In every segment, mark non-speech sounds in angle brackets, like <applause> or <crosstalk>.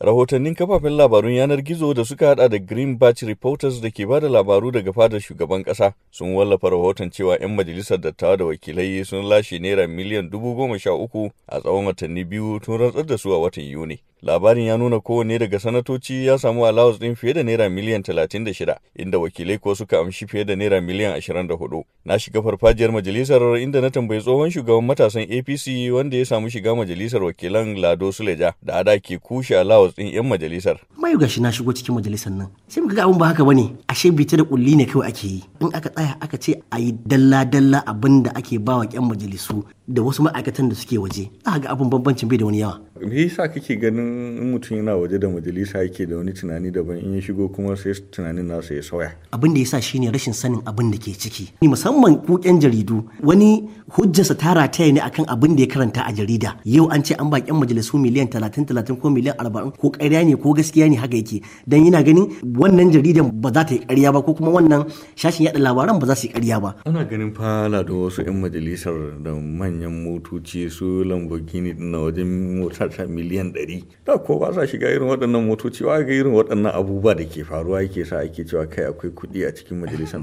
rahotannin kafafen labarun yanar gizo da suka hada da green batch reporters da ke bada labaru daga fadar shugaban kasa sun wallafa rahoton cewa 'yan majalisar dattawa da wakilai sun lashe naira miliyan dubu goma sha uku a tsawon watanni biyu tun rantsar da su a watan yuni labarin ya nuna kowanne daga sanatoci ya samu allowance ɗin fiye da naira miliyan 36 inda wakilai ko suka amshi fiye da naira miliyan 24 na shiga farfajiyar majalisar inda na tambayi tsohon shugaban matasan apc wanda ya samu shiga majalisar wakilan lado suleja da ada ke kushe allowance ɗin 'yan majalisar mai gashi na shigo cikin majalisar nan sai muka ga abin ba haka bane ashe bita da kulli ne kawai ake yi in aka tsaya aka ce a yi dalla-dalla abin da ake bawa wa 'yan majalisu da wasu ma'aikatan da suke waje za ga abin bambancin bai da wani yawa me yasa kake ganin in mutum yana waje da majalisa yake da wani tunani daban in ya shigo kuma sai tunanin nasa ya sauya abin da yasa shine rashin sanin abin da ke ciki musamman ku jaridu wani hujjarsa ta rataya ne akan abin da ya karanta a jarida yau an ce an ba ƴan majalisu miliyan 30 30 ko miliyan arba'in ko ƙarya ne ko gaskiya ne haka yake dan yana ganin wannan jaridan ba za ta yi ƙarya ba ko kuma wannan shashin yada labaran ba za su yi ƙarya ba ana ganin fala da wasu yan majalisar da manyan motoci su Lamborghini na wajen motar mota miliyan ɗari da ko ba sa shiga irin waɗannan motoci wa ga irin waɗannan abubuwa da ke faruwa yake sa ake cewa kai akwai kuɗi a cikin majalisar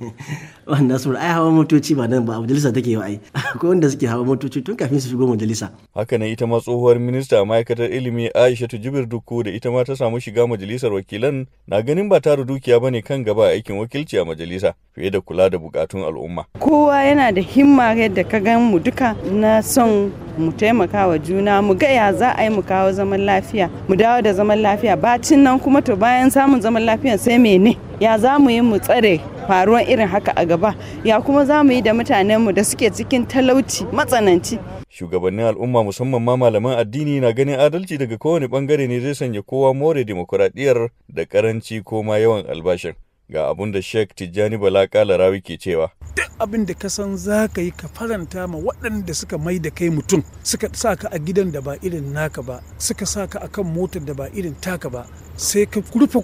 <laughs> wannan sun ai hawa motoci ba nan ba majalisa take yi ai <laughs> akwai wanda suke hawa motoci tun kafin su shigo majalisa haka nan ita ma tsohuwar minista ma'aikatar ilimi ta Jibir Dukku da ita ma ta samu shiga majalisar wakilan na ganin ba tara dukiya ba ne kan gaba aikin wakilci a majalisa fiye da kula da bukatun al'umma kowa yana da himma yadda ka gan mu duka na son mu taimaka wa juna mu gaya za a yi mu kawo zaman lafiya mu dawo da zaman lafiya bacin nan kuma to bayan samun zaman lafiya sai mene ya za mu yi mu tsare faruwan irin haka a gaba ya kuma za mu yi da mutanenmu da suke cikin talauci matsananci shugabannin al'umma musamman ma malaman addini na ganin adalci daga kowane bangare ne zai sanya kowa more demokuraɗiyyar da karanci ko ma yawan albashin ga abun da sheikh tijjani bala kala rawi ke cewa abin da ka san za ka yi ka faranta ma waɗanda suka mai da kai mutum suka sa ka a gidan da ba irin naka ba suka sa ka akan motar da ba irin taka ba sai ka rufe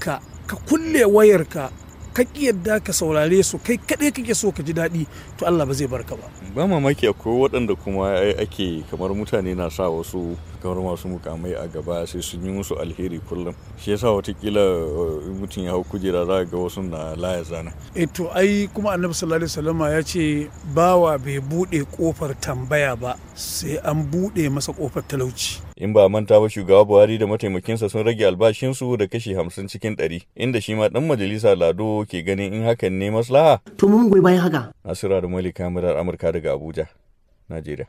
ka ka kulle wayarka ka yadda ka saurare su kai kaɗai kake so ka ji daɗi to Allah ba zai ka ba ba mamaki akwai waɗanda kuma ake kamar mutane na sa wasu kamar masu mukamai a gaba sai sun yi musu alheri kullum shi yasa watakila eh, mutum ya hau kujera za ga wasu na laya zana e to ai kuma annabi sallallahu alaihi wasallam ya ce bawa bai buɗe kofar tambaya ba sai an buɗe masa kofar talauci in ba manta ba shugaba buhari da mataimakinsa sun rage albashinsu da kashi hamsin cikin ɗari inda shi ma ɗan majalisa lado ke ganin in hakan ne maslaha to mun goyi bayan haka nasira da malika murar amurka daga abuja najeriya